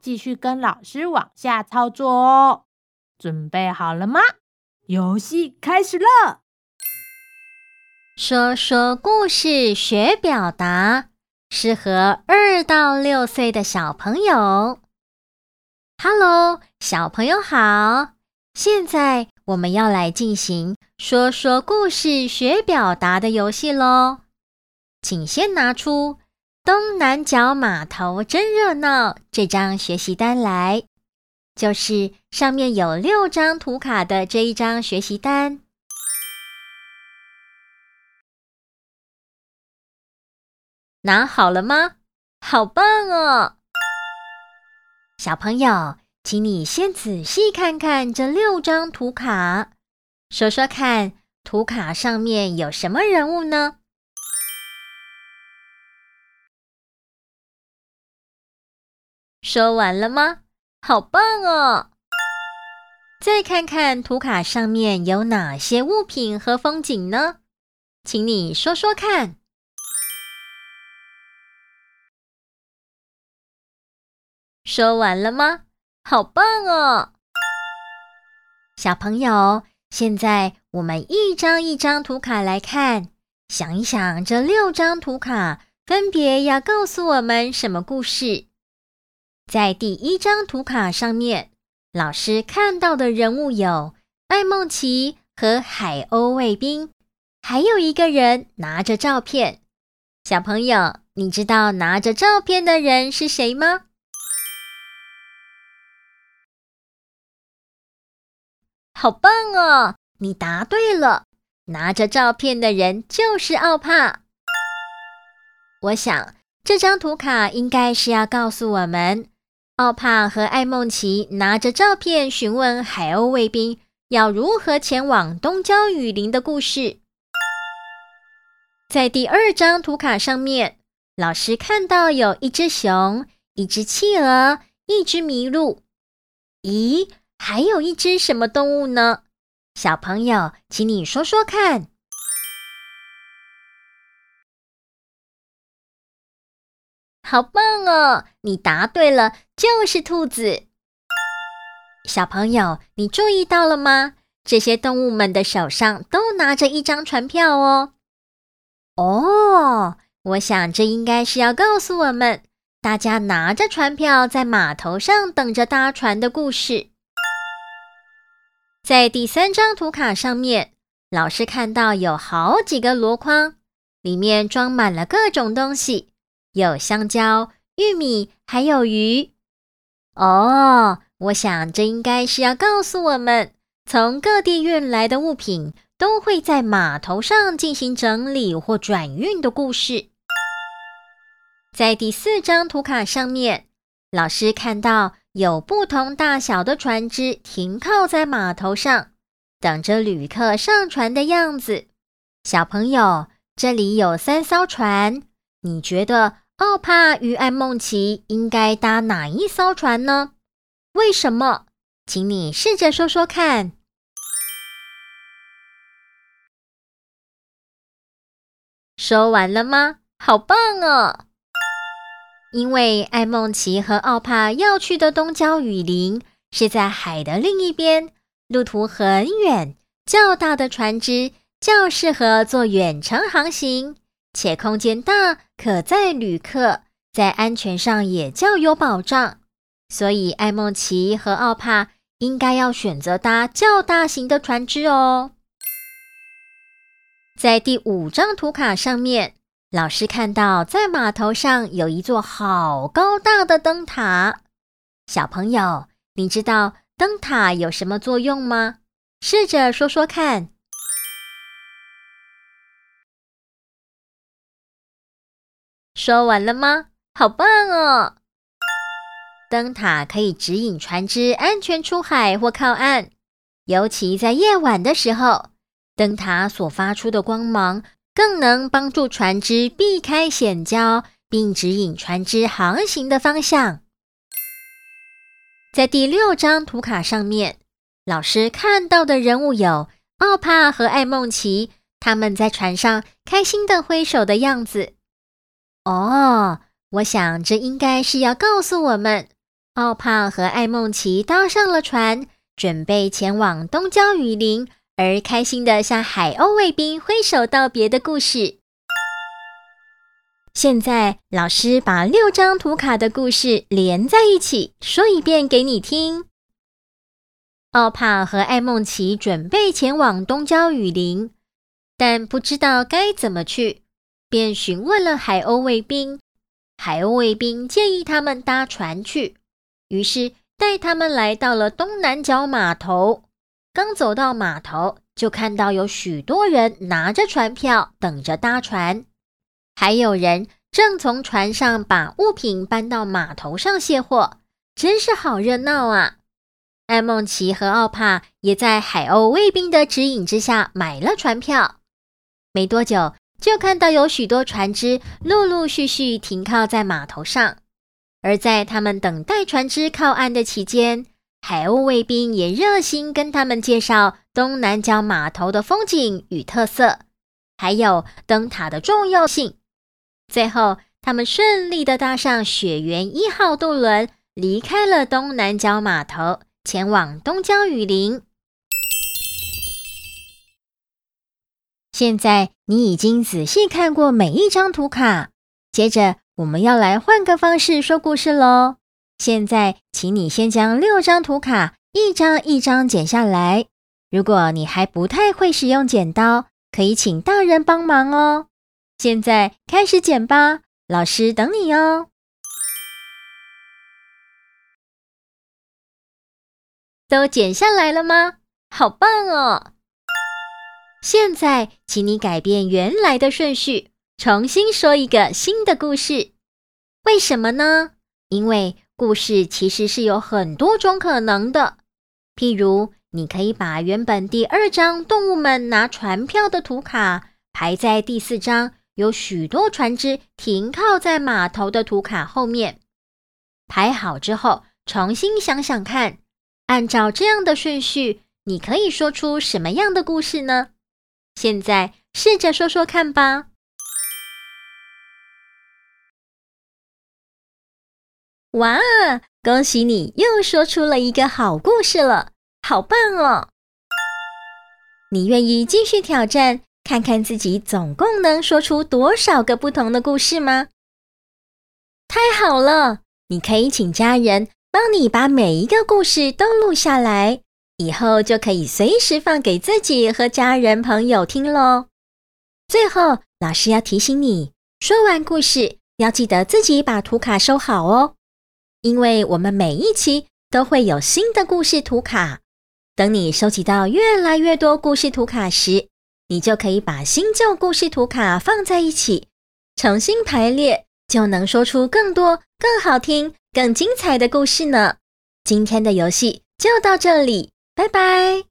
繼續跟老師往下操作哦，準備好了嗎？遊戲開始了！說說故事學表達，適合二到六歲的小朋友。Hello，小朋友好，現在我們要來進行說說故事學表達的遊戲咯。請先拿出東南角碼頭真熱鬧，這張學習單來，就是上面有六張圖卡的這一張學習單，拿好了嗎？好棒哦，小朋友，請你先仔細看看這六張圖卡，說說看，圖卡上面有什麼人物呢？說完了嗎？好棒哦！再看看圖卡上面有哪些物品和風景呢？請你說說看。說完了嗎？好棒哦！小朋友，現在我們一張一張圖卡來看，想一想這六張圖卡分別要告訴我們什麼故事。在第一張圖卡上面，老師看到的人物有愛孟奇和海鷗衛兵，還有一個人拿着照片。小朋友，你知道拿着照片的人是誰嗎？好棒哦！你答對了，拿着照片的人就是奧帕。我想這張圖卡應該是要告訴我們。奧帕和愛孟奇拿着照片詢問海鷗衛兵要如何前往東郊雨林的故事。在第二張圖卡上面，老師看到有一隻熊、一隻企鵝、一隻麋鹿。咦，還有一隻什麼動物呢？小朋友，請你說說看。好棒哦！你答對了，就是兔子。小朋友，你注意到了嗎？這些動物們的手上都拿着一張船票哦。哦，我想這應該是要告訴我們，大家拿着船票在碼頭上等着搭船的故事。在第三張圖卡上面，老師看到有好幾個籮筐，裡面裝滿了各種東西。有香蕉、玉米，還有魚。哦，我想這應該是要告訴我們，從各地運來的物品都會在碼頭上進行整理或轉運的故事。在第四張圖卡上面，老師看到有不同大小的船隻停靠在碼頭上，等着旅客上船的樣子。小朋友，這裡有三艘船。你覺得奧帕與愛孟奇應該搭哪一艘船呢？為什麼？請你試着說說看。說完了嗎？好棒哦！因為愛孟奇和奧帕要去的東郊雨林是在海的另一邊，路途很遠，較大的船隻較適合做遠程航行，且空間大，可載旅客，在安全上也較有保障，所以愛孟奇和奧帕應該要選擇搭較大型的船隻哦。在第五張圖卡上面，老師看到在碼頭上有一座好高大的燈塔。小朋友，你知道燈塔有什麼作用嗎？試着說說看。說完了嗎？好棒哦！燈塔可以指引船隻安全出海或靠岸，尤其在夜晚的時候，燈塔所發出的光芒更能幫助船隻避開險礁，並指引船隻航行的方向。在第六張圖卡上面，老師看到的人物有奧帕和愛孟奇，他們在船上開心地揮手的樣子。哦，我想這應該是要告訴我們，奧胖和愛孟奇搭上了船，準備前往東郊雨林，而開心的向海鷗衛兵揮手道別的故事。現在，老師把六張圖卡的故事連在一起說一遍給你聽。奧胖和愛孟奇準備前往東郊雨林，但不知道該怎麼去。便詢問了海鷗衛兵，海鷗衛兵建議他們搭船去，於是帶他們來到了東南角碼頭。剛走到碼頭，就看到有許多人拿着船票等着搭船，還有人正從船上把物品搬到碼頭上卸貨，真是好熱鬧啊！愛孟奇和奧帕也在海鷗衛兵的指引之下買了船票，沒多久。就看到有許多船隻陸陸續續停靠在碼頭上，而在他們等待船隻靠岸的期間，海鷗衛兵也熱心跟他們介紹東南角碼頭的風景與特色，還有燈塔的重要性。最後，他們順利地搭上雪原一號渡輪，離開了東南角碼頭，前往東郊雨林。現在你已經仔細看過每一張圖卡，接着我們要來換個方式說故事嘍。現在，請你先將六張圖卡一張一張剪下來。如果你還不太會使用剪刀，可以請大人幫忙哦。現在開始剪吧，老師等你哦。都剪下來了嗎？好棒哦！現在，請你改變原來的順序，重新說一個新的故事。為什麼呢？因為故事其實是有很多種可能的。譬如，你可以把原本第二張動物們拿船票的圖卡排在第四張有許多船只停靠在碼頭的圖卡後面。排好之後，重新想想看，按照這樣的順序，你可以說出什麼樣的故事呢？現在試着說說看吧！哇，恭喜你又說出了一個好故事了，好棒哦！你願意繼續挑戰，看看自己總共能說出多少個不同的故事嗎？太好了，你可以請家人幫你把每一個故事都錄下來。以後就可以隨時放給自己和家人朋友聽嘍。最後，老師要提醒你，說完故事要記得自己把圖卡收好哦。因為我們每一期都會有新的故事圖卡，等你收集到越來越多故事圖卡時，你就可以把新舊故事圖卡放在一起，重新排列，就能說出更多、更好聽、更精彩的故事呢。今天的遊戲就到這裡。拜拜。